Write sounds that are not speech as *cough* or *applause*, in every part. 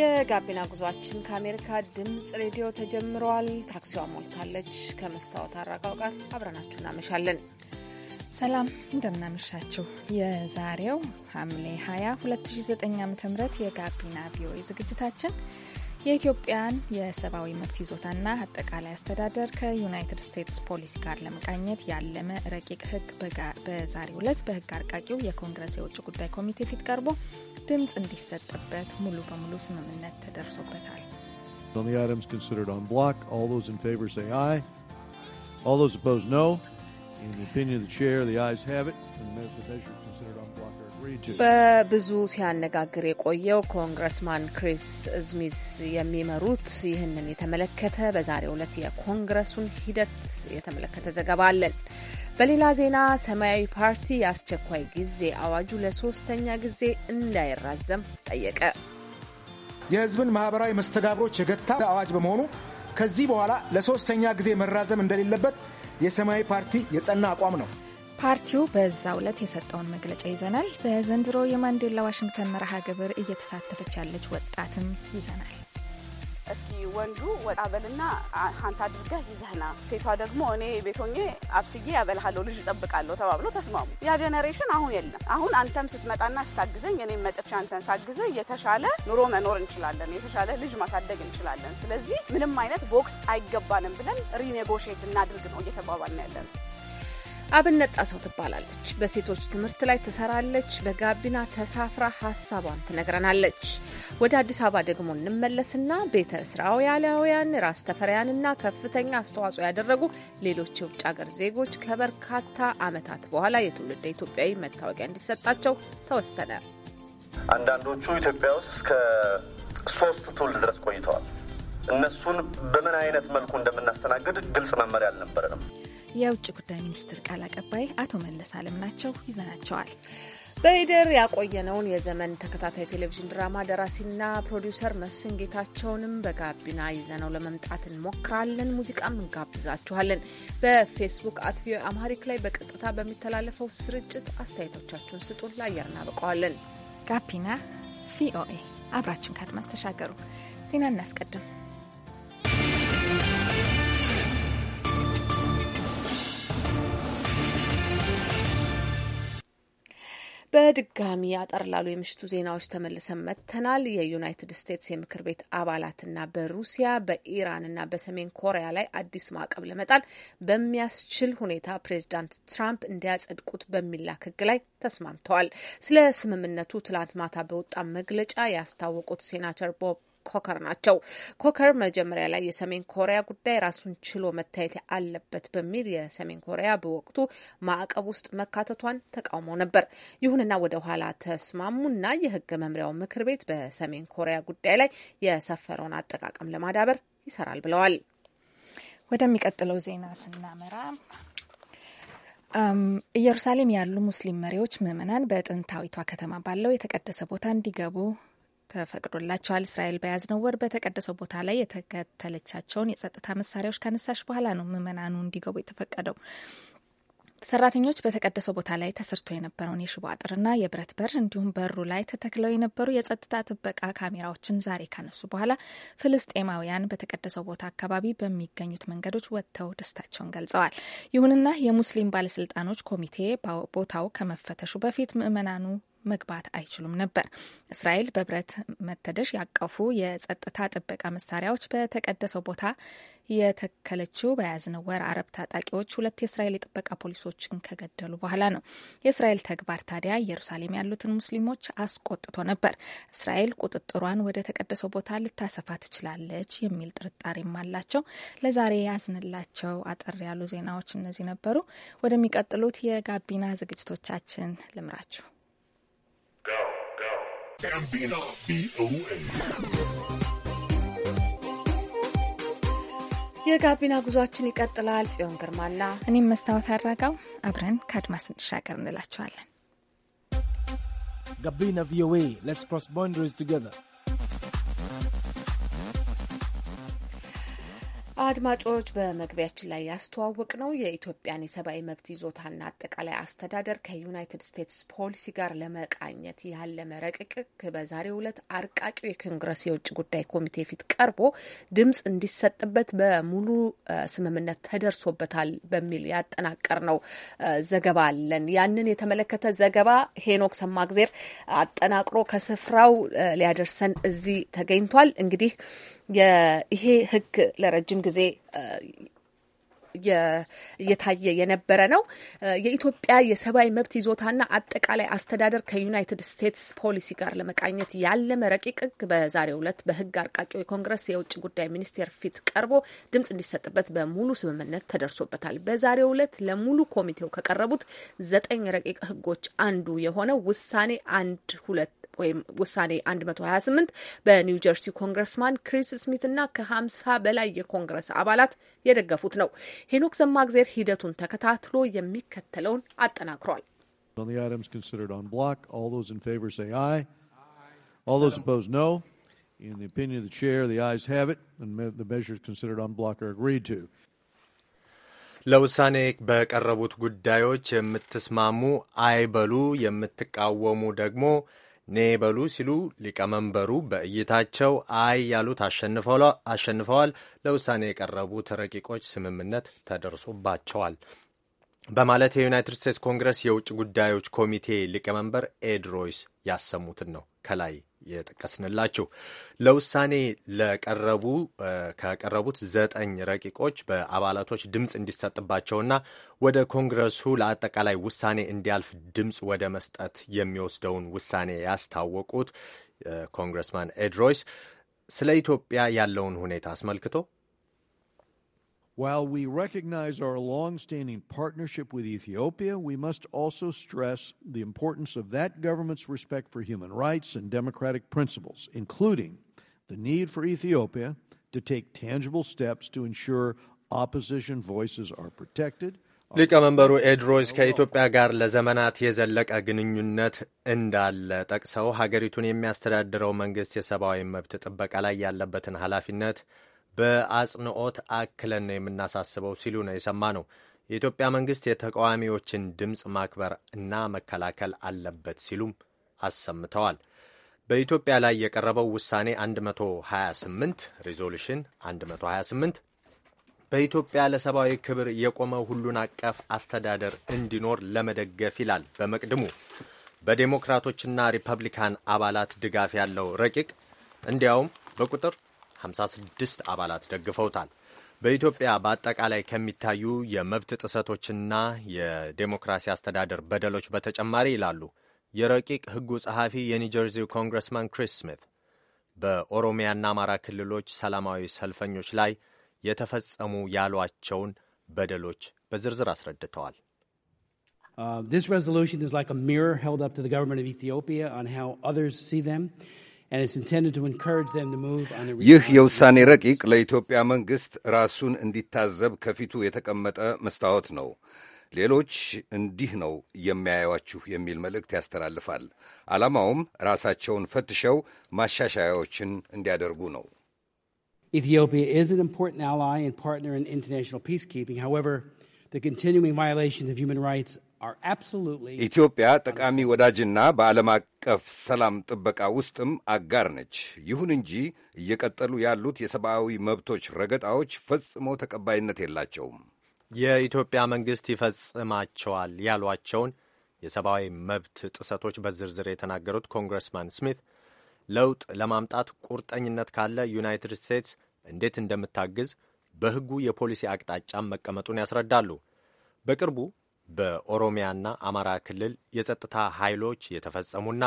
የጋቢና ጉዟችን ከአሜሪካ ድምፅ ሬዲዮ ተጀምረዋል። ታክሲዋ ሞልታለች። ከመስታወት አራጋው ጋር አብረናችሁ እናመሻለን። ሰላም እንደምናመሻችሁ። የዛሬው ሐምሌ 2 2009 ዓ ም የጋቢና ቪኦኤ ዝግጅታችን የኢትዮጵያን የሰብአዊ መብት ይዞታና አጠቃላይ አስተዳደር ከዩናይትድ ስቴትስ ፖሊሲ ጋር ለመቃኘት ያለመ ረቂቅ ህግ በዛሬው ዕለት በህግ አርቃቂው የኮንግረስ የውጭ ጉዳይ ኮሚቴ ፊት ቀርቦ ድምፅ እንዲሰጥበት ሙሉ በሙሉ ስምምነት ተደርሶበታል። On the items considered on block, all those in favor say aye. All those opposed, no. በብዙ ሲያነጋግር የቆየው ኮንግረስማን ክሪስ ስሚዝ የሚመሩት ይህንን የተመለከተ በዛሬው ዕለት የኮንግረሱን ሂደት የተመለከተ ዘገባ አለን። በሌላ ዜና ሰማያዊ ፓርቲ የአስቸኳይ ጊዜ አዋጁ ለሶስተኛ ጊዜ እንዳይራዘም ጠየቀ። የህዝብን ማህበራዊ መስተጋብሮች የገታ አዋጅ በመሆኑ ከዚህ በኋላ ለሶስተኛ ጊዜ መራዘም እንደሌለበት የሰማያዊ ፓርቲ የጸና አቋም ነው። ፓርቲው በዛ ዕለት የሰጠውን መግለጫ ይዘናል። በዘንድሮ የማንዴላ ዋሽንግተን መርሃ ግብር እየተሳተፈች ያለች ወጣትም ይዘናል። እስኪ ወንዱ ወጣ በልና ሀንታ አድርገህ ይዘህና፣ ሴቷ ደግሞ እኔ ቤቶኜ አብስዬ ያበልሃለሁ ልጅ እጠብቃለሁ ተባብሎ ተስማሙ። ያ ጀኔሬሽን አሁን የለም። አሁን አንተም ስትመጣና ስታግዘኝ እኔም መጥቼ አንተን ሳግዘ የተሻለ ኑሮ መኖር እንችላለን፣ የተሻለ ልጅ ማሳደግ እንችላለን። ስለዚህ ምንም አይነት ቦክስ አይገባንም ብለን ሪኔጎሽት እናድርግ ነው እየተባባልን ያለን። አብነት ጣሰው ትባላለች። በሴቶች ትምህርት ላይ ትሰራለች። በጋቢና ተሳፍራ ሀሳቧን ትነግረናለች። ወደ አዲስ አበባ ደግሞ እንመለስና ቤተ እስራኤላውያን ራስ ተፈሪያንና ከፍተኛ አስተዋጽኦ ያደረጉ ሌሎች የውጭ ሀገር ዜጎች ከበርካታ ዓመታት በኋላ የትውልደ ኢትዮጵያዊ መታወቂያ እንዲሰጣቸው ተወሰነ። አንዳንዶቹ ኢትዮጵያ ውስጥ እስከ ሶስት ትውልድ ድረስ ቆይተዋል። እነሱን በምን አይነት መልኩ እንደምናስተናግድ ግልጽ መመሪያ አልነበረንም። የውጭ ጉዳይ ሚኒስትር ቃል አቀባይ አቶ መለስ አለም ናቸው። ይዘናቸዋል። በኢደር ያቆየነውን የዘመን ተከታታይ ቴሌቪዥን ድራማ ደራሲና ፕሮዲውሰር መስፍን ጌታቸውንም በጋቢና ይዘነው ለመምጣት እንሞክራለን። ሙዚቃም እንጋብዛችኋለን። በፌስቡክ አት ቪኦኤ አማሪክ ላይ በቀጥታ በሚተላለፈው ስርጭት አስተያየቶቻችሁን ስጡን፣ ለአየር እናበቀዋለን። ጋቢና ቪኦኤ አብራችን ከአድማስ ተሻገሩ። ዜና እናስቀድም። በድጋሚ አጠር ላሉ የምሽቱ ዜናዎች ተመልሰን መጥተናል። የዩናይትድ ስቴትስ የምክር ቤት አባላትና በሩሲያ በኢራንና በሰሜን ኮሪያ ላይ አዲስ ማዕቀብ ለመጣል በሚያስችል ሁኔታ ፕሬዚዳንት ትራምፕ እንዲያጸድቁት በሚላክ ሕግ ላይ ተስማምተዋል። ስለ ስምምነቱ ትላንት ማታ በወጣ መግለጫ ያስታወቁት ሴናተር ቦብ ኮከር ናቸው። ኮከር መጀመሪያ ላይ የሰሜን ኮሪያ ጉዳይ ራሱን ችሎ መታየት አለበት በሚል የሰሜን ኮሪያ በወቅቱ ማዕቀብ ውስጥ መካተቷን ተቃውሞ ነበር። ይሁንና ወደ ኋላ ተስማሙና የህገ መምሪያው ምክር ቤት በሰሜን ኮሪያ ጉዳይ ላይ የሰፈረውን አጠቃቀም ለማዳበር ይሰራል ብለዋል። ወደሚቀጥለው ዜና ስናመራ ኢየሩሳሌም ያሉ ሙስሊም መሪዎች ምዕመናን በጥንታዊቷ ከተማ ባለው የተቀደሰ ቦታ እንዲገቡ ተፈቅዶላቸዋል። እስራኤል በያዝነው ወር በተቀደሰው ቦታ ላይ የተከተለቻቸውን የጸጥታ መሳሪያዎች ካነሳች በኋላ ነው ምዕመናኑ እንዲገቡ የተፈቀደው። ሰራተኞች በተቀደሰው ቦታ ላይ ተሰርቶ የነበረውን የሽቦ አጥርና የብረት በር እንዲሁም በሩ ላይ ተተክለው የነበሩ የጸጥታ ጥበቃ ካሜራዎችን ዛሬ ካነሱ በኋላ ፍልስጤማውያን በተቀደሰው ቦታ አካባቢ በሚገኙት መንገዶች ወጥተው ደስታቸውን ገልጸዋል። ይሁንና የሙስሊም ባለስልጣኖች ኮሚቴ ቦታው ከመፈተሹ በፊት ምዕመናኑ መግባት አይችሉም ነበር። እስራኤል በብረት መተደሽ ያቀፉ የጸጥታ ጥበቃ መሳሪያዎች በተቀደሰው ቦታ የተከለችው በያዝነው ወር አረብ ታጣቂዎች ሁለት የእስራኤል የጥበቃ ፖሊሶችን ከገደሉ በኋላ ነው። የእስራኤል ተግባር ታዲያ ኢየሩሳሌም ያሉትን ሙስሊሞች አስቆጥቶ ነበር። እስራኤል ቁጥጥሯን ወደ ተቀደሰው ቦታ ልታሰፋ ትችላለች የሚል ጥርጣሬም አላቸው። ለዛሬ ያዝንላቸው አጠር ያሉ ዜናዎች እነዚህ ነበሩ። ወደሚቀጥሉት የጋቢና ዝግጅቶቻችን ልምራችሁ። Gambino ቪኦኤ የጋቢና ጉዟችን ይቀጥላል። ጽዮን ግርማና እኔም መስታወት አድራጋው አብረን ከአድማስ እንሻገር እንላችኋለን። ጋቢና ቪኦኤ ሌትስ ክሮስ ቦንደሪስ ቱጌዘር አድማጮች በመግቢያችን ላይ ያስተዋወቅ ነው የኢትዮጵያን የሰብአዊ መብት ይዞታና አጠቃላይ አስተዳደር ከዩናይትድ ስቴትስ ፖሊሲ ጋር ለመቃኘት ያለመ ረቂቅ በዛሬው ዕለት አርቃቂው የኮንግረስ የውጭ ጉዳይ ኮሚቴ ፊት ቀርቦ ድምጽ እንዲሰጥበት በሙሉ ስምምነት ተደርሶበታል በሚል ያጠናቀር ነው ዘገባ አለን። ያንን የተመለከተ ዘገባ ሄኖክ ሰማግዜር አጠናቅሮ ከስፍራው ሊያደርሰን እዚህ ተገኝቷል። እንግዲህ ይሄ ህግ ለረጅም ጊዜ እየታየ የነበረ ነው። የኢትዮጵያ የሰብአዊ መብት ይዞታና አጠቃላይ አስተዳደር ከዩናይትድ ስቴትስ ፖሊሲ ጋር ለመቃኘት ያለመ ረቂቅ ህግ በዛሬው ዕለት በህግ አርቃቂው የኮንግረስ የውጭ ጉዳይ ሚኒስቴር ፊት ቀርቦ ድምጽ እንዲሰጥበት በሙሉ ስምምነት ተደርሶበታል። በዛሬው ዕለት ለሙሉ ኮሚቴው ከቀረቡት ዘጠኝ ረቂቅ ህጎች አንዱ የሆነው ውሳኔ አንድ ሁለት ወይም ውሳኔ 128 በኒው ጀርሲ ኮንግረስማን ክሪስ ስሚት እና ከ50 በላይ የኮንግረስ አባላት የደገፉት ነው። ሄኖክ ዘማግዜር ሂደቱን ተከታትሎ የሚከተለውን አጠናክሯል። ለውሳኔ በቀረቡት ጉዳዮች የምትስማሙ አይበሉ፣ የምትቃወሙ ደግሞ ኔበሉ ሲሉ ሊቀመንበሩ በእይታቸው አይ ያሉት አሸንፈዋል። ለውሳኔ የቀረቡት ረቂቆች ስምምነት ተደርሶባቸዋል። በማለት የዩናይትድ ስቴትስ ኮንግረስ የውጭ ጉዳዮች ኮሚቴ ሊቀመንበር ኤድ ሮይስ ያሰሙትን ነው ከላይ የጠቀስንላችሁ። ለውሳኔ ለቀረቡ ከቀረቡት ዘጠኝ ረቂቆች በአባላቶች ድምፅ እንዲሰጥባቸውና ወደ ኮንግረሱ ለአጠቃላይ ውሳኔ እንዲያልፍ ድምፅ ወደ መስጠት የሚወስደውን ውሳኔ ያስታወቁት ኮንግረስማን ኤድ ሮይስ ስለ ኢትዮጵያ ያለውን ሁኔታ አስመልክቶ While we recognize our long-standing partnership with Ethiopia, we must also stress the importance of that government's respect for human rights and democratic principles, including the need for Ethiopia to take tangible steps to ensure opposition voices are protected. ሊቀመንበሩ ኤድሮይስ ከኢትዮጵያ ጋር ለዘመናት የዘለቀ ግንኙነት እንዳለ ጠቅሰው ሀገሪቱን የሚያስተዳድረው መንግስት የሰብአዊ መብት ጥበቃ ላይ ያለበትን ኃላፊነት በአጽንኦት አክለን ነው የምናሳስበው ሲሉ ነው የሰማ ነው። የኢትዮጵያ መንግስት የተቃዋሚዎችን ድምፅ ማክበር እና መከላከል አለበት ሲሉም አሰምተዋል። በኢትዮጵያ ላይ የቀረበው ውሳኔ 128 ሪዞሉሽን 128 በኢትዮጵያ ለሰብአዊ ክብር የቆመ ሁሉን አቀፍ አስተዳደር እንዲኖር ለመደገፍ ይላል። በመቅድሙ በዴሞክራቶችና ሪፐብሊካን አባላት ድጋፍ ያለው ረቂቅ እንዲያውም በቁጥር 56 አባላት ደግፈውታል። በኢትዮጵያ በአጠቃላይ ከሚታዩ የመብት ጥሰቶችና የዴሞክራሲ አስተዳደር በደሎች በተጨማሪ ይላሉ የረቂቅ ሕጉ ጸሐፊ የኒውጀርዚው ኮንግረስማን ክሪስ ስሚት በኦሮሚያና አማራ ክልሎች ሰላማዊ ሰልፈኞች ላይ የተፈጸሙ ያሏቸውን በደሎች በዝርዝር አስረድተዋል። uh, This resolution is like a mirror held up to the government of Ethiopia on how others see them. ይህ የውሳኔ ረቂቅ ለኢትዮጵያ መንግሥት ራሱን እንዲታዘብ ከፊቱ የተቀመጠ መስታወት ነው። ሌሎች እንዲህ ነው የሚል መልእክት ያስተላልፋል። ዓላማውም ራሳቸውን ፈትሸው ማሻሻያዎችን እንዲያደርጉ ነው። Ethiopia is an important ally and partner in international peacekeeping. However, the continuing violations of human rights ኢትዮጵያ ጠቃሚ ወዳጅና በዓለም አቀፍ ሰላም ጥበቃ ውስጥም አጋር ነች። ይሁን እንጂ እየቀጠሉ ያሉት የሰብአዊ መብቶች ረገጣዎች ፈጽሞ ተቀባይነት የላቸውም። የኢትዮጵያ መንግሥት ይፈጽማቸዋል ያሏቸውን የሰብአዊ መብት ጥሰቶች በዝርዝር የተናገሩት ኮንግረስማን ስሚት ለውጥ ለማምጣት ቁርጠኝነት ካለ ዩናይትድ ስቴትስ እንዴት እንደምታግዝ በሕጉ የፖሊሲ አቅጣጫም መቀመጡን ያስረዳሉ። በቅርቡ በኦሮሚያና አማራ ክልል የጸጥታ ኃይሎች የተፈጸሙና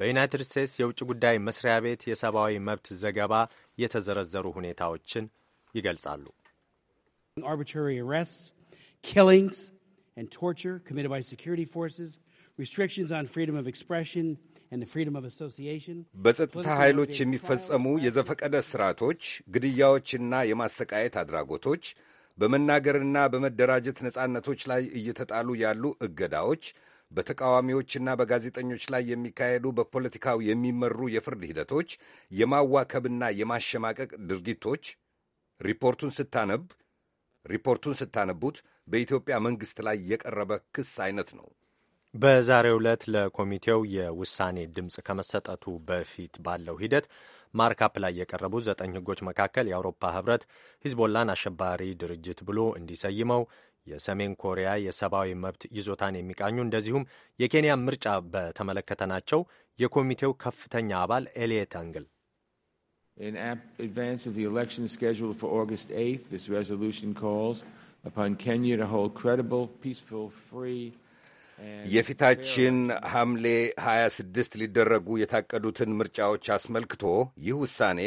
በዩናይትድ ስቴትስ የውጭ ጉዳይ መስሪያ ቤት የሰብአዊ መብት ዘገባ የተዘረዘሩ ሁኔታዎችን ይገልጻሉ። በጸጥታ ኃይሎች የሚፈጸሙ የዘፈቀደ ስርዓቶች፣ ግድያዎችና የማሰቃየት አድራጎቶች በመናገርና በመደራጀት ነጻነቶች ላይ እየተጣሉ ያሉ እገዳዎች፣ በተቃዋሚዎችና በጋዜጠኞች ላይ የሚካሄዱ በፖለቲካው የሚመሩ የፍርድ ሂደቶች፣ የማዋከብና የማሸማቀቅ ድርጊቶች ሪፖርቱን ስታነብ ሪፖርቱን ስታነቡት በኢትዮጵያ መንግሥት ላይ የቀረበ ክስ አይነት ነው። በዛሬው ዕለት ለኮሚቴው የውሳኔ ድምፅ ከመሰጠቱ በፊት ባለው ሂደት ማርካፕ ላይ የቀረቡ ዘጠኝ ህጎች መካከል የአውሮፓ ህብረት ሂዝቦላን አሸባሪ ድርጅት ብሎ እንዲሰይመው የሰሜን ኮሪያ የሰብአዊ መብት ይዞታን የሚቃኙ እንደዚሁም የኬንያ ምርጫ በተመለከተ ናቸው። የኮሚቴው ከፍተኛ አባል ኤልየት አንግል የፊታችን ሐምሌ 26 ሊደረጉ የታቀዱትን ምርጫዎች አስመልክቶ ይህ ውሳኔ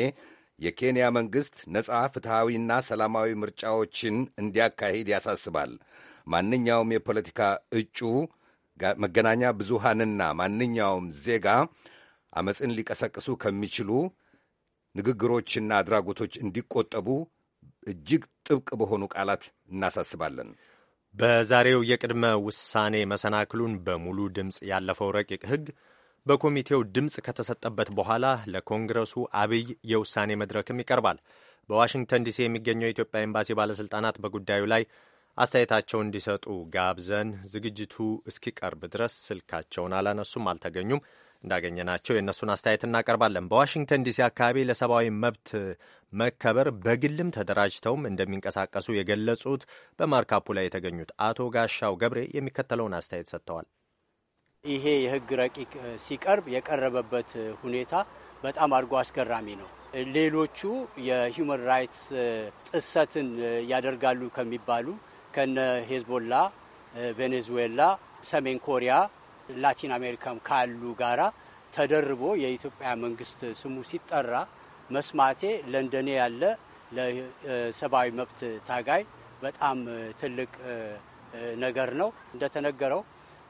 የኬንያ መንግሥት ነፃ ፍትሐዊና ሰላማዊ ምርጫዎችን እንዲያካሂድ ያሳስባል። ማንኛውም የፖለቲካ እጩ፣ መገናኛ ብዙሃንና ማንኛውም ዜጋ አመፅን ሊቀሰቅሱ ከሚችሉ ንግግሮችና አድራጎቶች እንዲቆጠቡ እጅግ ጥብቅ በሆኑ ቃላት እናሳስባለን። በዛሬው የቅድመ ውሳኔ መሰናክሉን በሙሉ ድምፅ ያለፈው ረቂቅ ሕግ በኮሚቴው ድምፅ ከተሰጠበት በኋላ ለኮንግረሱ አብይ የውሳኔ መድረክም ይቀርባል። በዋሽንግተን ዲሲ የሚገኘው የኢትዮጵያ ኤምባሲ ባለሥልጣናት በጉዳዩ ላይ አስተያየታቸው እንዲሰጡ ጋብዘን ዝግጅቱ እስኪቀርብ ድረስ ስልካቸውን አላነሱም፣ አልተገኙም። እንዳገኘናቸው የእነሱን አስተያየት እናቀርባለን። በዋሽንግተን ዲሲ አካባቢ ለሰብአዊ መብት መከበር በግልም ተደራጅተውም እንደሚንቀሳቀሱ የገለጹት በማርካፑ ላይ የተገኙት አቶ ጋሻው ገብሬ የሚከተለውን አስተያየት ሰጥተዋል። ይሄ የህግ ረቂቅ ሲቀርብ የቀረበበት ሁኔታ በጣም አድርጎ አስገራሚ ነው። ሌሎቹ የሂውማን ራይትስ ጥሰትን ያደርጋሉ ከሚባሉ ከነ ሄዝቦላ፣ ቬኔዙዌላ፣ ሰሜን ኮሪያ ላቲን አሜሪካም ካሉ ጋራ ተደርቦ የኢትዮጵያ መንግስት ስሙ ሲጠራ መስማቴ ለንደኔ ያለ ለሰብአዊ መብት ታጋይ በጣም ትልቅ ነገር ነው። እንደተነገረው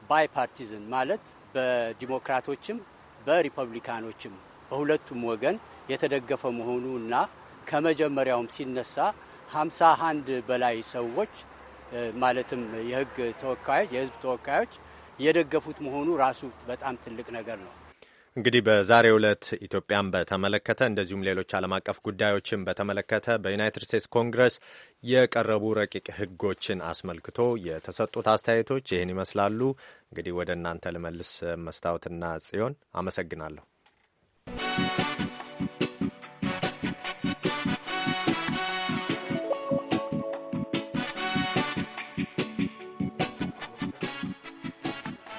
ባይ ፓርቲዝን ማለት በዲሞክራቶችም በሪፐብሊካኖችም በሁለቱም ወገን የተደገፈ መሆኑ እና ከመጀመሪያውም ሲነሳ ሀምሳ አንድ በላይ ሰዎች ማለትም የህግ ተወካዮች የህዝብ ተወካዮች የደገፉት መሆኑ ራሱ በጣም ትልቅ ነገር ነው። እንግዲህ በዛሬ ዕለት ኢትዮጵያን በተመለከተ እንደዚሁም ሌሎች ዓለም አቀፍ ጉዳዮችን በተመለከተ በዩናይትድ ስቴትስ ኮንግረስ የቀረቡ ረቂቅ ሕጎችን አስመልክቶ የተሰጡት አስተያየቶች ይህን ይመስላሉ። እንግዲህ ወደ እናንተ ልመልስ። መስታወትና ጽዮን አመሰግናለሁ።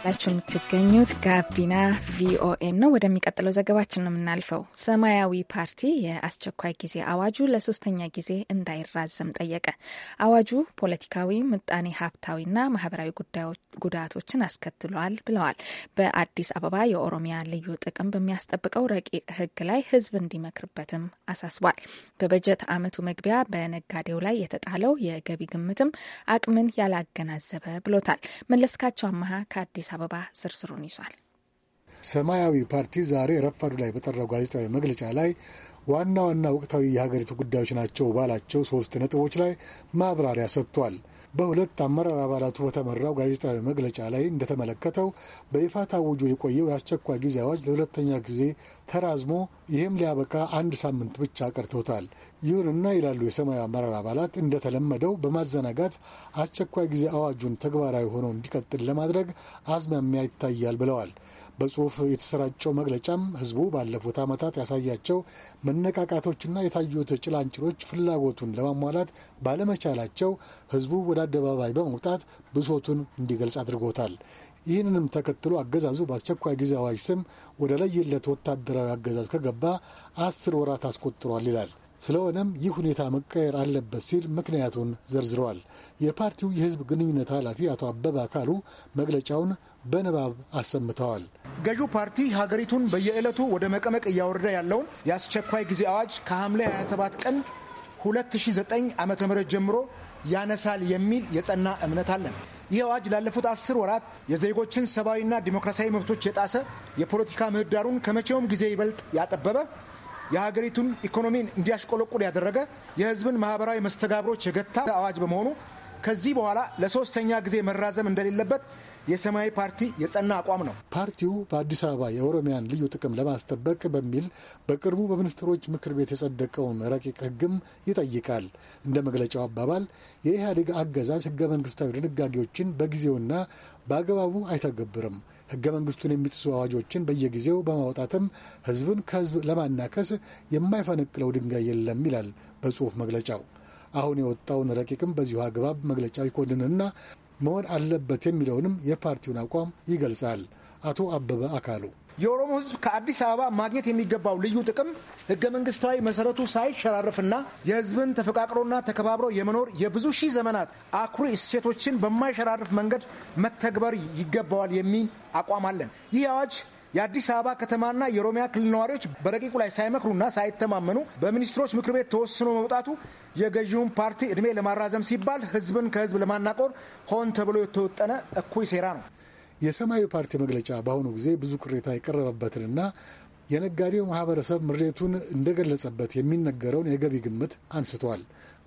እያዳመጣችሁ የምትገኙት ጋቢና ቪኦኤ ነው። ወደሚቀጥለው ዘገባችን ነው የምናልፈው። ሰማያዊ ፓርቲ የአስቸኳይ ጊዜ አዋጁ ለሶስተኛ ጊዜ እንዳይራዘም ጠየቀ። አዋጁ ፖለቲካዊ፣ ምጣኔ ሀብታዊና ማህበራዊ ጉዳቶችን አስከትሏል ብለዋል። በአዲስ አበባ የኦሮሚያ ልዩ ጥቅም በሚያስጠብቀው ረቂቅ ህግ ላይ ህዝብ እንዲመክርበትም አሳስቧል። በበጀት ዓመቱ መግቢያ በነጋዴው ላይ የተጣለው የገቢ ግምትም አቅምን ያላገናዘበ ብሎታል። መለስካቸው አመሀ ከአዲስ አበባ አበባ ዝርዝሩን ይዟል። ሰማያዊ ፓርቲ ዛሬ ረፋዱ ላይ በጠራው ጋዜጣዊ መግለጫ ላይ ዋና ዋና ወቅታዊ የሀገሪቱ ጉዳዮች ናቸው ባላቸው ሶስት ነጥቦች ላይ ማብራሪያ ሰጥቷል። በሁለት አመራር አባላቱ በተመራው ጋዜጣዊ መግለጫ ላይ እንደተመለከተው በይፋ ታውጆ የቆየው የአስቸኳይ ጊዜ አዋጅ ለሁለተኛ ጊዜ ተራዝሞ ይህም ሊያበቃ አንድ ሳምንት ብቻ ቀርቶታል። ይሁንና ይላሉ የሰማያዊ አመራር አባላት እንደተለመደው በማዘናጋት አስቸኳይ ጊዜ አዋጁን ተግባራዊ ሆኖ እንዲቀጥል ለማድረግ አዝማሚያ ይታያል ብለዋል። በጽሁፍ የተሰራጨው መግለጫም ህዝቡ ባለፉት ዓመታት ያሳያቸው መነቃቃቶችና የታዩት ጭላንጭሎች ፍላጎቱን ለማሟላት ባለመቻላቸው ህዝቡ ወደ አደባባይ በመውጣት ብሶቱን እንዲገልጽ አድርጎታል። ይህንንም ተከትሎ አገዛዙ በአስቸኳይ ጊዜ አዋጅ ስም ወደ ለየለት ወታደራዊ አገዛዝ ከገባ አስር ወራት አስቆጥሯል ይላል። ስለሆነም ይህ ሁኔታ መቀየር አለበት ሲል ምክንያቱን ዘርዝረዋል። የፓርቲው የህዝብ ግንኙነት ኃላፊ አቶ አበባ አካሉ መግለጫውን በንባብ አሰምተዋል። ገዢው ፓርቲ ሀገሪቱን በየዕለቱ ወደ መቀመቅ እያወረደ ያለውን የአስቸኳይ ጊዜ አዋጅ ከሐምሌ 27 ቀን 2009 ዓ ም ጀምሮ ያነሳል የሚል የጸና እምነት አለን። ይህ አዋጅ ላለፉት አስር ወራት የዜጎችን ሰብአዊና ዲሞክራሲያዊ መብቶች የጣሰ የፖለቲካ ምህዳሩን ከመቼውም ጊዜ ይበልጥ ያጠበበ የሀገሪቱን ኢኮኖሚን እንዲያሽቆለቁል ያደረገ የሕዝብን ማህበራዊ መስተጋብሮች የገታ አዋጅ በመሆኑ ከዚህ በኋላ ለሶስተኛ ጊዜ መራዘም እንደሌለበት የሰማያዊ ፓርቲ የጸና አቋም ነው። ፓርቲው በአዲስ አበባ የኦሮሚያን ልዩ ጥቅም ለማስጠበቅ በሚል በቅርቡ በሚኒስትሮች ምክር ቤት የጸደቀውን ረቂቅ ሕግም ይጠይቃል። እንደ መግለጫው አባባል የኢህአዴግ አገዛዝ ሕገ መንግስታዊ ድንጋጌዎችን በጊዜውና በአግባቡ አይተገብርም። ሕገ መንግስቱን የሚጥሱ አዋጆችን በየጊዜው በማውጣትም ሕዝብን ከሕዝብ ለማናከስ የማይፈነቅለው ድንጋይ የለም ይላል በጽሁፍ መግለጫው። አሁን የወጣውን ረቂቅም በዚሁ አግባብ መግለጫው ይኮንንና መሆን አለበት የሚለውንም የፓርቲውን አቋም ይገልጻል። አቶ አበበ አካሉ የኦሮሞ ሕዝብ ከአዲስ አበባ ማግኘት የሚገባው ልዩ ጥቅም ህገ መንግስታዊ መሰረቱ ሳይሸራረፍና የሕዝብን ተፈቃቅሮና ተከባብሮ የመኖር የብዙ ሺህ ዘመናት አኩሪ እሴቶችን በማይሸራርፍ መንገድ መተግበር ይገባዋል የሚል አቋም አለን። ይህ አዋጅ የአዲስ አበባ ከተማና የኦሮሚያ ክልል ነዋሪዎች በረቂቁ ላይ ሳይመክሩና ሳይተማመኑ በሚኒስትሮች ምክር ቤት ተወስኖ መውጣቱ የገዢውን ፓርቲ እድሜ ለማራዘም ሲባል ህዝብን ከህዝብ ለማናቆር ሆን ተብሎ የተወጠነ እኩይ ሴራ ነው። የሰማያዊ ፓርቲ መግለጫ በአሁኑ ጊዜ ብዙ ቅሬታ የቀረበበትንና የነጋዴው ማህበረሰብ ምሬቱን እንደገለጸበት የሚነገረውን የገቢ ግምት አንስቷል።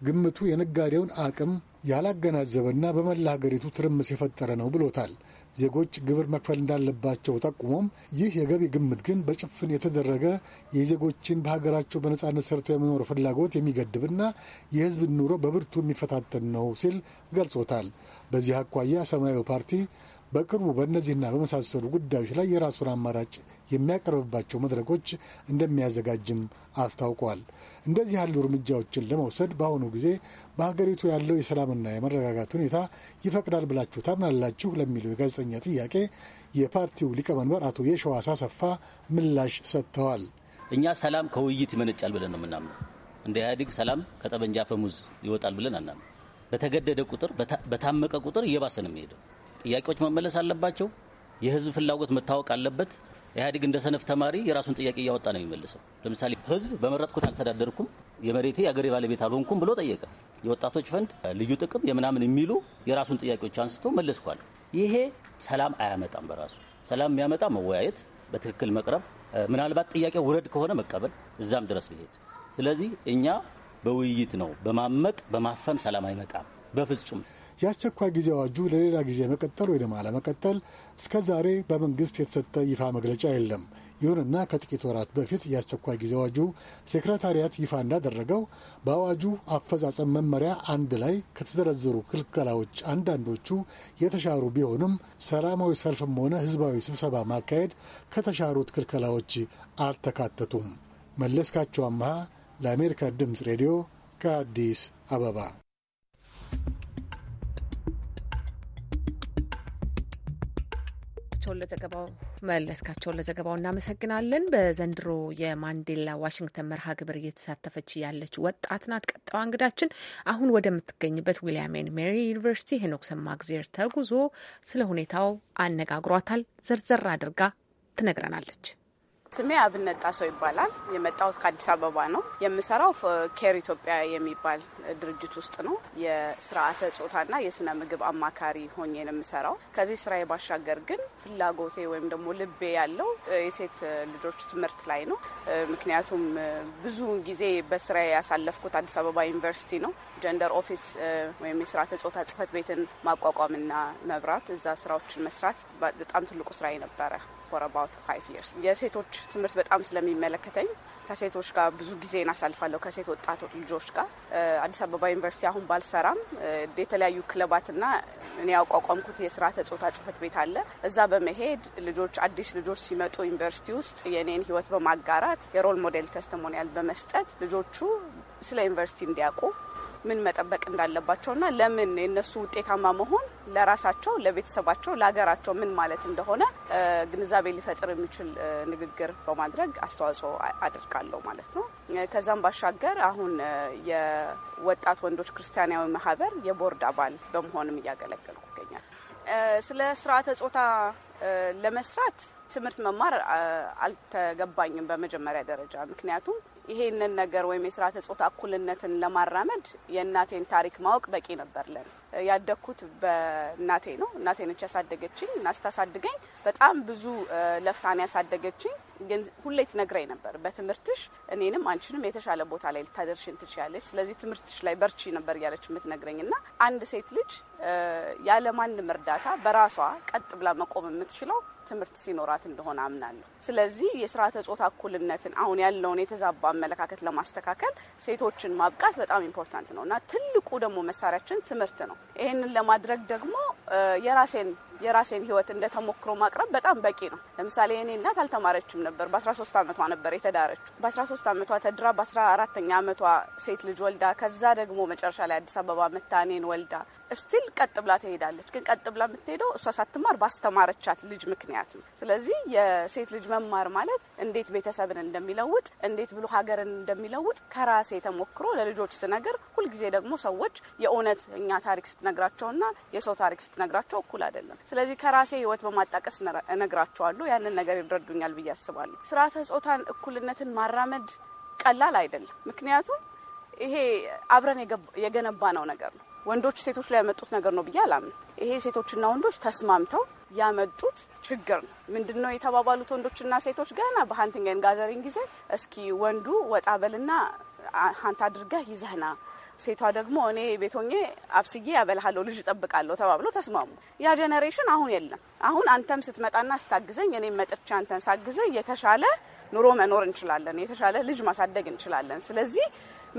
ግምቱ የነጋዴውን አቅም ያላገናዘበና በመላ ሀገሪቱ ትርምስ የፈጠረ ነው ብሎታል። ዜጎች ግብር መክፈል እንዳለባቸው ጠቁሞም ይህ የገቢ ግምት ግን በጭፍን የተደረገ የዜጎችን በሀገራቸው በነጻነት ሰርተው የመኖር ፍላጎት የሚገድብና የሕዝብን ኑሮ በብርቱ የሚፈታተን ነው ሲል ገልጾታል። በዚህ አኳያ ሰማያዊ ፓርቲ በቅርቡ በእነዚህና በመሳሰሉ ጉዳዮች ላይ የራሱን አማራጭ የሚያቀርብባቸው መድረኮች እንደሚያዘጋጅም አስታውቋል። እንደዚህ ያሉ እርምጃዎችን ለመውሰድ በአሁኑ ጊዜ በሀገሪቱ ያለው የሰላምና የመረጋጋት ሁኔታ ይፈቅዳል ብላችሁ ታምናላችሁ ለሚለው የጋዜጠኛ ጥያቄ የፓርቲው ሊቀመንበር አቶ የሸዋስ አሰፋ ምላሽ ሰጥተዋል። እኛ ሰላም ከውይይት ይመነጫል ብለን ነው የምናምነው። እንደ ኢህአዴግ ሰላም ከጠመንጃ ፈሙዝ ይወጣል ብለን አናምነው። በተገደደ ቁጥር፣ በታመቀ ቁጥር እየባሰ ነው የሚሄደው። ጥያቄዎች መመለስ አለባቸው። የህዝብ ፍላጎት መታወቅ አለበት። ኢህአዴግ እንደ ሰነፍ ተማሪ የራሱን ጥያቄ እያወጣ ነው የሚመልሰው። ለምሳሌ ህዝብ በመረጥኩት አልተዳደርኩም፣ የመሬቴ የአገሬ ባለቤት አልሆንኩም ብሎ ጠየቀ። የወጣቶች ፈንድ፣ ልዩ ጥቅም፣ የምናምን የሚሉ የራሱን ጥያቄዎች አንስቶ መለስኳል። ይሄ ሰላም አያመጣም። በራሱ ሰላም የሚያመጣ መወያየት፣ በትክክል መቅረብ፣ ምናልባት ጥያቄ ውረድ ከሆነ መቀበል፣ እዛም ድረስ መሄድ። ስለዚህ እኛ በውይይት ነው በማመቅ በማፈን ሰላም አይመጣም በፍጹም። የአስቸኳይ ጊዜ አዋጁ ለሌላ ጊዜ መቀጠል ወይም አለመቀጠል እስከ ዛሬ በመንግስት የተሰጠ ይፋ መግለጫ የለም። ይሁንና ከጥቂት ወራት በፊት የአስቸኳይ ጊዜ አዋጁ ሴክረታሪያት ይፋ እንዳደረገው በአዋጁ አፈጻጸም መመሪያ አንድ ላይ ከተዘረዘሩ ክልከላዎች አንዳንዶቹ የተሻሩ ቢሆንም ሰላማዊ ሰልፍም ሆነ ህዝባዊ ስብሰባ ማካሄድ ከተሻሩት ክልከላዎች አልተካተቱም። መለስካቸው አምሃ ለአሜሪካ ድምፅ ሬዲዮ ከአዲስ አበባ መለስካቸውን ለዘገባው መለስካቸውን ለዘገባው እናመሰግናለን። በዘንድሮ የማንዴላ ዋሽንግተን መርሃ ግብር እየተሳተፈች ያለች ወጣት ናት። ቀጣዋ እንግዳችን አሁን ወደምትገኝበት ዊልያም ኤንድ ሜሪ ዩኒቨርሲቲ ሄኖክ ሰማእግዜር ተጉዞ ስለ ሁኔታው አነጋግሯታል። ዘርዘር አድርጋ ትነግረናለች። ስሜ አብነት ጣሰው ይባላል። የመጣሁት ከአዲስ አበባ ነው። የምሰራው ኬር ኢትዮጵያ የሚባል ድርጅት ውስጥ ነው። የስርዓተ ጾታና የስነ ምግብ አማካሪ ሆኜ ነው የምሰራው። ከዚህ ስራዬ ባሻገር ግን ፍላጎቴ ወይም ደግሞ ልቤ ያለው የሴት ልጆች ትምህርት ላይ ነው። ምክንያቱም ብዙውን ጊዜ በስራ ያሳለፍኩት አዲስ አበባ ዩኒቨርሲቲ ነው። ጀንደር ኦፊስ ወይም የስርዓተ ጾታ ጽህፈት ቤትን ማቋቋምና መብራት እዛ ስራዎችን መስራት በጣም ትልቁ ስራዬ ነበረ። ፎር አባውት ፋይቭ ይርስ የሴቶች ትምህርት በጣም ስለሚመለከተኝ ከሴቶች ጋር ብዙ ጊዜ አሳልፋለሁ። ከሴት ወጣት ልጆች ጋር አዲስ አበባ ዩኒቨርሲቲ አሁን ባልሰራም የተለያዩ ክለባትና እኔ ያቋቋምኩት የስራ ጾታ ጽህፈት ቤት አለ። እዛ በመሄድ ልጆች አዲስ ልጆች ሲመጡ ዩኒቨርሲቲ ውስጥ የእኔን ህይወት በማጋራት የሮል ሞዴል ተስተሞኒያል በመስጠት ልጆቹ ስለ ዩኒቨርሲቲ እንዲያውቁ ምን መጠበቅ እንዳለባቸውና ለምን የእነሱ ውጤታማ መሆን ለራሳቸው፣ ለቤተሰባቸው፣ ለሀገራቸው ምን ማለት እንደሆነ ግንዛቤ ሊፈጥር የሚችል ንግግር በማድረግ አስተዋጽኦ አድርጋለሁ ማለት ነው። ከዛም ባሻገር አሁን የወጣት ወንዶች ክርስቲያናዊ ማህበር የቦርድ አባል በመሆንም እያገለገልኩ ይገኛል። ስለ ስርዓተ ጾታ ለመስራት ትምህርት መማር አልተገባኝም በመጀመሪያ ደረጃ ምክንያቱም ይሄንን ነገር ወይም የስርዓተ ጾታ እኩልነትን ለማራመድ የእናቴን ታሪክ ማወቅ በቂ ነበር ለን ያደግኩት በእናቴ ነው። እናቴ ነች ያሳደገችኝ እና ስታሳድገኝ በጣም ብዙ ለፍታን ያሳደገችኝ። ግን ሁሌ ትነግረኝ ነበር በትምህርትሽ እኔንም አንቺንም የተሻለ ቦታ ላይ ልታደርሽን ትችያለች፣ ስለዚህ ትምህርትሽ ላይ በርቺ ነበር እያለች የምትነግረኝ እና አንድ ሴት ልጅ ያለማንም እርዳታ በራሷ ቀጥ ብላ መቆም የምትችለው ትምህርት ሲኖራት እንደሆነ አምናለሁ። ስለዚህ የስርዓተ ጾታ እኩልነትን አሁን ያለውን የተዛባ አመለካከት ለማስተካከል ሴቶችን ማብቃት በጣም ኢምፖርታንት ነው እና ትልቁ ደግሞ መሳሪያችን ትምህርት ነው። ይህንን ለማድረግ ደግሞ የራሴን የራሴን ህይወት እንደ ተሞክሮ ማቅረብ በጣም በቂ ነው። ለምሳሌ እኔ እናት አልተማረችም ነበር። በ13 ዓመቷ ነበር የተዳረችው። በ13 ዓመቷ ተድራ በ 14 ተኛ ዓመቷ ሴት ልጅ ወልዳ ከዛ ደግሞ መጨረሻ ላይ አዲስ አበባ መታኔን ወልዳ ስቲል ቀጥ ብላ ትሄዳለች። ግን ቀጥ ብላ የምትሄደው እሷ ሳትማር ባስተማረቻት ልጅ ምክንያት ነው። ስለዚህ የሴት ልጅ መማር ማለት እንዴት ቤተሰብን እንደሚለውጥ እንዴት ብሎ ሀገርን እንደሚለውጥ ከራሴ ተሞክሮ ለልጆች ስነግር፣ ሁልጊዜ ደግሞ ሰዎች እኛ ታሪክ ስትነግራቸውና የሰው ታሪክ ስትነግራቸው እኩል አይደለም። ስለዚህ ከራሴ ህይወት በማጣቀስ እነግራቸዋለሁ። ያንን ነገር ይረዱኛል ብዬ አስባለሁ። ስርዓተ ጾታን እኩልነትን ማራመድ ቀላል አይደለም። ምክንያቱም ይሄ አብረን የገነባ ነው ነገር ነው ወንዶች ሴቶች ላይ ያመጡት ነገር ነው ብዬ አላምን። ይሄ ሴቶችና ወንዶች ተስማምተው ያመጡት ችግር ነው። ምንድን ነው የተባባሉት? ወንዶችና ሴቶች ገና በሀንቲንግ ጋዘሪንግ ጊዜ እስኪ ወንዱ ወጣ በልና ሀንት አድርገህ ይዘህና ሴቷ ደግሞ እኔ ቤቶኜ አብስዬ ያበልሃለሁ ልጅ እጠብቃለሁ ተባብሎ ተስማሙ። ያ ጀኔሬሽን አሁን የለም። አሁን አንተም ስትመጣና ስታግዘኝ እኔም መጥቼ አንተን ሳግዘ የተሻለ ኑሮ መኖር እንችላለን፣ የተሻለ ልጅ ማሳደግ እንችላለን። ስለዚህ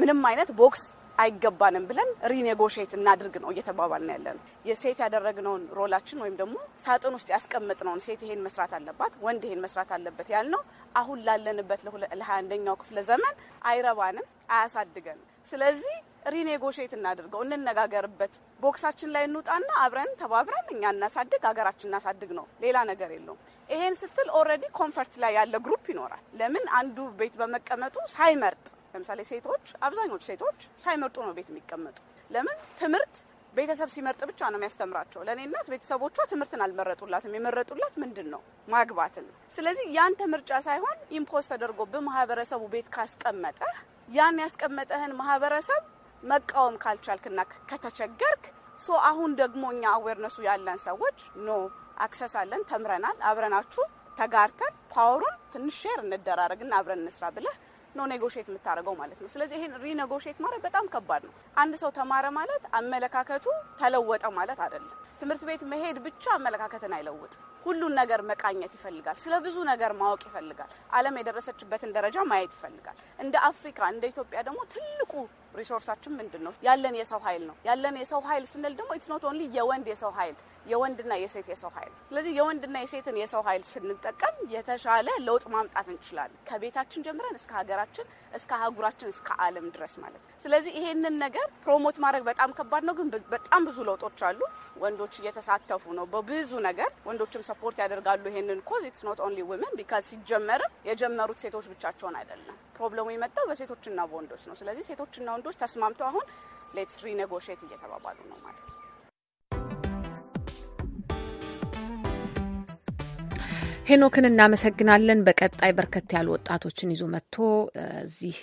ምንም አይነት ቦክስ አይገባንም ብለን ሪኔጎሽት እናድርግ ነው እየተባባልን ያለን። የሴት ያደረግነውን ሮላችን ወይም ደግሞ ሳጥን ውስጥ ያስቀመጥነውን ሴት ይሄን መስራት አለባት፣ ወንድ ይሄን መስራት አለበት ያልነው አሁን ላለንበት ለሀያ ክፍለ ዘመን አይረባንም፣ አያሳድገንም። ስለዚህ ሪኔጎሽት እናድርገው፣ እንነጋገርበት፣ ቦክሳችን ላይ እንውጣና አብረን ተባብረን እኛ እናሳድግ፣ ሀገራችን እናሳድግ ነው። ሌላ ነገር የለውም። ይሄን ስትል ኦልሬዲ ኮንፈርት ላይ ያለ ግሩፕ ይኖራል። ለምን አንዱ ቤት በመቀመጡ ሳይመርጥ ለምሳሌ ሴቶች አብዛኞቹ ሴቶች ሳይመርጡ ነው ቤት የሚቀመጡ። ለምን ትምህርት ቤተሰብ ሲመርጥ ብቻ ነው የሚያስተምራቸው። ለእኔ እናት ቤተሰቦቿ ትምህርትን አልመረጡላትም። የመረጡላት ምንድን ነው? ማግባትን። ስለዚህ ያንተ ምርጫ ሳይሆን ኢምፖስ ተደርጎ በማህበረሰቡ ቤት ካስቀመጠህ ያን ያስቀመጠህን ማህበረሰብ መቃወም ካልቻልክና ከተቸገርክ ሶ አሁን ደግሞ እኛ አዌርነሱ ያለን ሰዎች ኖ አክሰስ አለን፣ ተምረናል፣ አብረናችሁ ተጋርተን ፓወሩን ትንሽ ሼር እንደራረግና አብረን እንስራ ብለህ ነው ኔጎሽት የምታደርገው ማለት ነው። ስለዚህ ይህን ሪኔጎሽት ማድረግ በጣም ከባድ ነው። አንድ ሰው ተማረ ማለት አመለካከቱ ተለወጠ ማለት አይደለም። ትምህርት ቤት መሄድ ብቻ አመለካከትን አይለውጥ። ሁሉን ነገር መቃኘት ይፈልጋል። ስለ ብዙ ነገር ማወቅ ይፈልጋል። ዓለም የደረሰችበትን ደረጃ ማየት ይፈልጋል። እንደ አፍሪካ እንደ ኢትዮጵያ ደግሞ ትልቁ ሪሶርሳችን ምንድን ነው? ያለን የሰው ኃይል ነው። ያለን የሰው ኃይል ስንል ደግሞ ኢትስ ኖት ኦንሊ የወንድ የሰው ኃይል የወንድና የሴት የሰው ኃይል። ስለዚህ የወንድና የሴትን የሰው ኃይል ስንጠቀም የተሻለ ለውጥ ማምጣት እንችላለን፣ ከቤታችን ጀምረን እስከ ሀገራችን፣ እስከ አህጉራችን፣ እስከ ዓለም ድረስ ማለት ነው። ስለዚህ ይሄንን ነገር ፕሮሞት ማድረግ በጣም ከባድ ነው፣ ግን በጣም ብዙ ለውጦች አሉ። ወንዶች እየተሳተፉ ነው በብዙ ነገር። ወንዶችም ሰፖርት ያደርጋሉ ይሄንን ኮዝ ኢትስ ኖት ኦንሊ ውመን ቢካዝ ሲጀመርም የጀመሩት ሴቶች ብቻቸውን አይደለም። ፕሮብለሙ የመጣው በሴቶችና በወንዶች ነው። ስለዚህ ሴቶችና ወንዶች ተስማምተው አሁን ሌትስ ሪኔጎሽት እየተባባሉ ነው ማለት ነው። ሄኖክን እናመሰግናለን። በቀጣይ በርከት ያሉ ወጣቶችን ይዞ መጥቶ እዚህ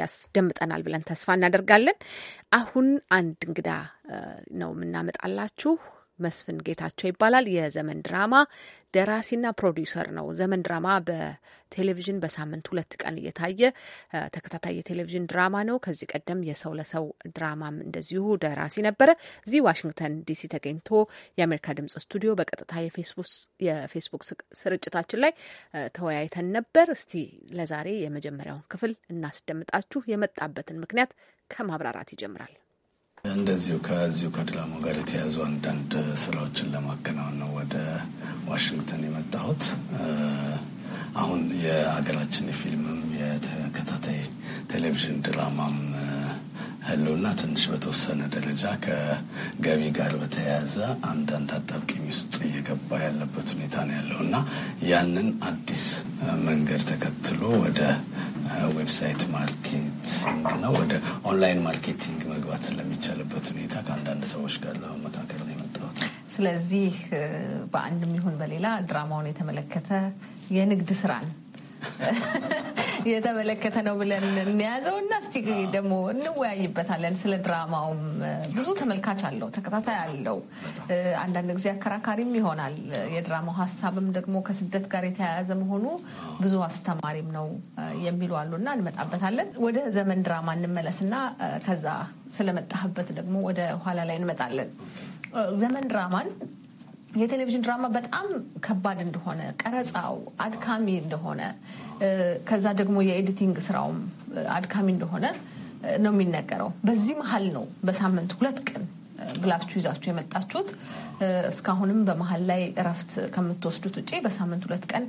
ያስደምጠናል ብለን ተስፋ እናደርጋለን። አሁን አንድ እንግዳ ነው የምናመጣላችሁ። መስፍን ጌታቸው ይባላል። የዘመን ድራማ ደራሲና ፕሮዲውሰር ነው። ዘመን ድራማ በቴሌቪዥን በሳምንት ሁለት ቀን እየታየ ተከታታይ የቴሌቪዥን ድራማ ነው። ከዚህ ቀደም የሰው ለሰው ድራማም እንደዚሁ ደራሲ ነበረ። እዚህ ዋሽንግተን ዲሲ ተገኝቶ የአሜሪካ ድምጽ ስቱዲዮ በቀጥታ የፌስቡክ ስርጭታችን ላይ ተወያይተን ነበር። እስቲ ለዛሬ የመጀመሪያውን ክፍል እናስደምጣችሁ። የመጣበትን ምክንያት ከማብራራት ይጀምራል። እንደዚሁ ከዚሁ ከድላሞ ጋር የተያዙ አንዳንድ ስራዎችን ለማከናወን ነው ወደ ዋሽንግተን የመጣሁት። አሁን የሀገራችን የፊልምም የተከታታይ ቴሌቪዥን ድራማም ህልውና ትንሽ በተወሰነ ደረጃ ከገቢ ጋር በተያያዘ አንዳንድ አጣብቂኝ ውስጥ እየገባ ያለበት ሁኔታ ነው ያለው እና ያንን አዲስ መንገድ ተከትሎ ወደ ዌብሳይት ማርኬቲንግ ነው ወደ ኦንላይን ማርኬቲንግ መግባት ስለሚቻልበት ሁኔታ ከአንዳንድ ሰዎች ጋር ለመመካከል ነው የመጣሁት። ስለዚህ በአንድም ይሁን በሌላ ድራማውን የተመለከተ የንግድ ስራን የተመለከተ ነው ብለን እንያዘው እና እስቲ ደግሞ እንወያይበታለን። ስለ ድራማውም ብዙ ተመልካች አለው፣ ተከታታይ አለው። አንዳንድ ጊዜ አከራካሪም ይሆናል። የድራማው ሀሳብም ደግሞ ከስደት ጋር የተያያዘ መሆኑ ብዙ አስተማሪም ነው የሚሉ አሉ እና እንመጣበታለን። ወደ ዘመን ድራማ እንመለስ እና ከዛ ስለመጣህበት ደግሞ ወደ ኋላ ላይ እንመጣለን። ዘመን ድራማን የቴሌቪዥን ድራማ በጣም ከባድ እንደሆነ፣ ቀረጻው አድካሚ እንደሆነ፣ ከዛ ደግሞ የኤዲቲንግ ስራውም አድካሚ እንደሆነ ነው የሚነገረው። በዚህ መሀል ነው በሳምንት ሁለት ቀን ብላችሁ ይዛችሁ የመጣችሁት። እስካሁንም በመሀል ላይ እረፍት ከምትወስዱት ውጭ በሳምንት ሁለት ቀን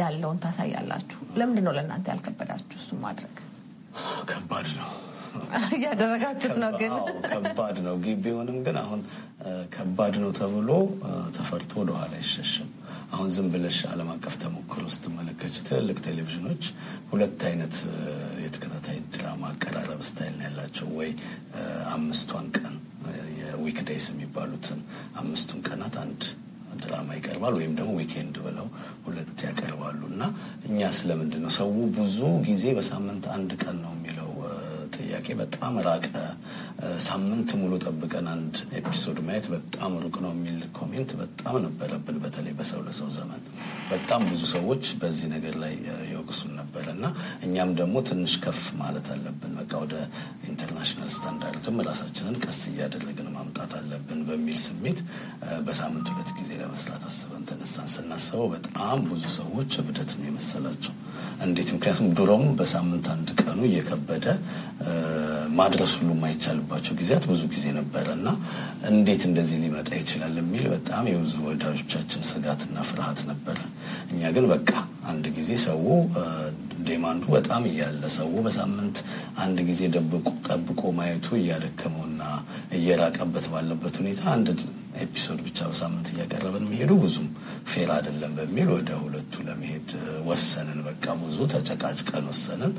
ያለውን ታሳያላችሁ። ለምንድን ነው ለእናንተ ያልከበዳችሁ እሱ ማድረግ? ከባድ ነው እያደረጋችሁት *laughs* ነው። ግን ከባድ ነው ቢሆንም ግን አሁን ከባድ ነው ተብሎ ተፈርቶ ወደኋላ አይሸሽም። አሁን ዝም ብለሽ ዓለም አቀፍ ተሞክሮ ስትመለከች ትልልቅ ቴሌቪዥኖች ሁለት አይነት የተከታታይ ድራማ አቀራረብ ስታይል ነው ያላቸው። ወይ አምስቷን ቀን የዊክዴይስ የሚባሉትን አምስቱን ቀናት አንድ ድራማ ይቀርባል፣ ወይም ደግሞ ዊኬንድ ብለው ሁለት ያቀርባሉ። እና እኛ ስለምንድን ነው ሰው ብዙ ጊዜ በሳምንት አንድ ቀን ነው जाके बता मरा ሳምንት ሙሉ ጠብቀን አንድ ኤፒሶድ ማየት በጣም ሩቅ ነው የሚል ኮሜንት በጣም ነበረብን። በተለይ በሰው ለሰው ዘመን በጣም ብዙ ሰዎች በዚህ ነገር ላይ ይወቅሱን ነበረ እና እኛም ደግሞ ትንሽ ከፍ ማለት አለብን፣ በቃ ወደ ኢንተርናሽናል ስታንዳርድም ራሳችንን ቀስ እያደረግን ማምጣት አለብን በሚል ስሜት በሳምንት ሁለት ጊዜ ለመስራት አስበን ተነሳን። ስናስበው በጣም ብዙ ሰዎች እብደት ነው የመሰላቸው። እንዴት? ምክንያቱም ድሮም በሳምንት አንድ ቀኑ እየከበደ ማድረስ ሁሉ ማይቻል የነበርንባቸው ጊዜያት ብዙ ጊዜ ነበረ እና እንዴት እንደዚህ ሊመጣ ይችላል የሚል በጣም የብዙ ወዳጆቻችን ስጋትና ፍርሃት ነበረ። እኛ ግን በቃ አንድ ጊዜ ሰው ዴማንዱ በጣም እያለ ሰው በሳምንት አንድ ጊዜ ደብቆ ጠብቆ ማየቱ እያደከመውና እየራቀበት ባለበት ሁኔታ አንድ ኤፒሶድ ብቻ በሳምንት እያቀረብን የሚሄዱ ብዙም ፌል አይደለም በሚል ወደ ሁለቱ ለመሄድ ወሰንን። በቃ ብዙ ተጨቃጭቀን ወሰንን።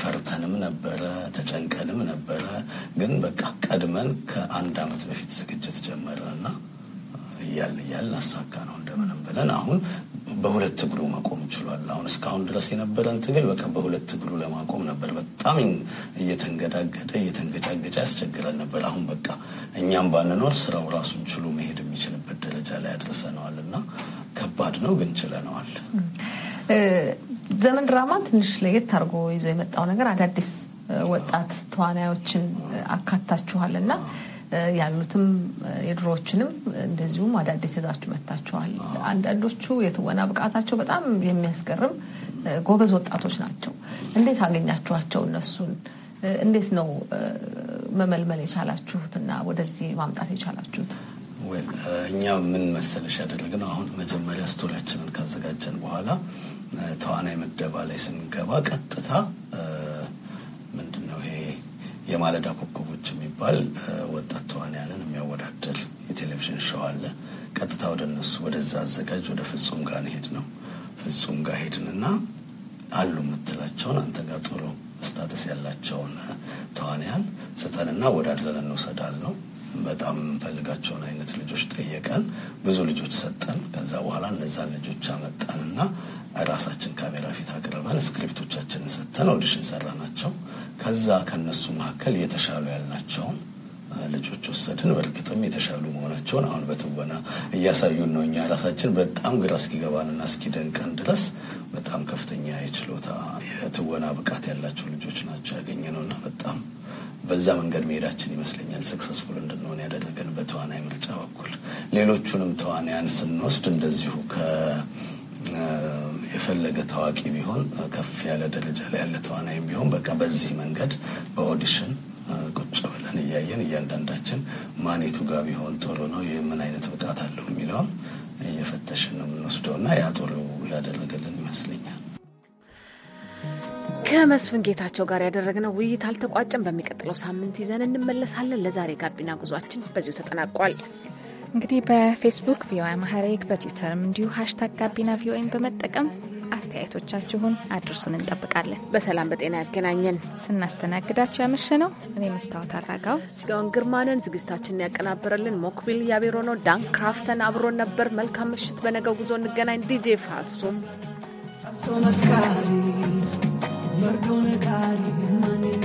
ፈርተንም ነበረ፣ ተጨንቀንም ነበረ። ግን በቃ ቀድመን ከአንድ አመት በፊት ዝግጅት ጀመረ እና እያልን እያልን አሳካ ነው እንደምንም ብለን አሁን በሁለት እግሩ መቆም ችሏል። አሁን እስካሁን ድረስ የነበረን ትግል በቃ በሁለት እግሩ ለማቆም ነበር። በጣም እየተንገዳገደ እየተንገጫገጫ ያስቸግረን ነበር። አሁን በቃ እኛም ባንኖር ስራው ራሱን ችሎ መሄድ የሚችልበት ደረጃ ላይ አድርሰነዋል እና ከባድ ነው ግን ችለነዋል። ዘመን ድራማ ትንሽ ለየት አድርጎ ይዞ የመጣው ነገር አዳዲስ ወጣት ተዋናዮችን አካታችኋል እና ያሉትም የድሮዎችንም እንደዚሁም አዳዲስ ይዛችሁ መጥታችኋል። አንዳንዶቹ የትወና ብቃታቸው በጣም የሚያስገርም ጎበዝ ወጣቶች ናቸው። እንዴት አገኛችኋቸው? እነሱን እንዴት ነው መመልመል የቻላችሁትና ወደዚህ ማምጣት የቻላችሁት? እኛ ምን መሰለሽ ያደረግነው አሁን መጀመሪያ ስቶሪያችንን ካዘጋጀን በኋላ ተዋናይ ምደባ ላይ ስንገባ ቀጥታ የማለዳ ኮከቦች የሚባል ወጣት ተዋንያንን የሚያወዳደር የቴሌቪዥን ሸው አለ። ቀጥታ ወደ እነሱ ወደዛ አዘጋጅ ወደ ፍጹም ጋር ሄድ ነው። ፍጹም ጋር ሄድንና አሉ የምትላቸውን አንተ ጋር ጥሩ ስታተስ ያላቸውን ተዋንያን ስጠንና ወዳድለን እንውሰዳል ነው። በጣም የምንፈልጋቸውን አይነት ልጆች ጠየቀን። ብዙ ልጆች ሰጠን። ከዛ በኋላ እነዛን ልጆች አመጣንና ራሳችን ካሜራ ፊት አቅርበን ስክሪፕቶቻችንን ሰጥተን ኦዲሽን ሰራ ናቸው። ከዛ ከነሱ መካከል የተሻሉ ያልናቸውን ልጆች ወሰድን። በእርግጥም የተሻሉ መሆናቸውን አሁን በትወና እያሳዩን ነው። እኛ ራሳችን በጣም ግራ እስኪገባንና እስኪደንቀን ድረስ በጣም ከፍተኛ የችሎታ የትወና ብቃት ያላቸው ልጆች ናቸው እና በጣም በዛ መንገድ መሄዳችን ይመስለኛል ሰክሰስፉል እንድንሆን ያደረገን በተዋናይ ምርጫ በኩል። ሌሎቹንም ተዋናያን ስንወስድ እንደዚሁ የፈለገ ታዋቂ ቢሆን ከፍ ያለ ደረጃ ላይ ያለ ተዋናይም ቢሆን በቃ በዚህ መንገድ በኦዲሽን ቁጭ ብለን እያየን እያንዳንዳችን ማኔቱ ጋር ቢሆን ቶሎ ነው ይህ ምን አይነት ብቃት አለው የሚለውን እየፈተሽን ነው የምንወስደው እና ያ ቶሎ ያደረገልን ይመስለኛል። ከመስፍን ጌታቸው ጋር ያደረግነው ውይይት አልተቋጨም። በሚቀጥለው ሳምንት ይዘን እንመለሳለን። ለዛሬ ጋቢና ጉዟችን በዚሁ ተጠናቋል። እንግዲህ በፌስቡክ ቪኦኤ አማሐሪክ በትዊተርም እንዲሁ ሀሽታግ ጋቢና ቪኦኤን በመጠቀም አስተያየቶቻችሁን አድርሱን፣ እንጠብቃለን። በሰላም በጤና ያገናኘን። ስናስተናግዳችሁ ያመሸ ነው እኔ መስታወት አራጋው ጽዮን ግርማንን፣ ዝግጅታችንን ያቀናበረልን ሞክቢል ያቤሮ ነው። ዳን ክራፍተን አብሮን ነበር። መልካም ምሽት። በነገው ጉዞ እንገናኝ። ዲጄ ፋሱም መስካሪ መርዶ ነጋሪ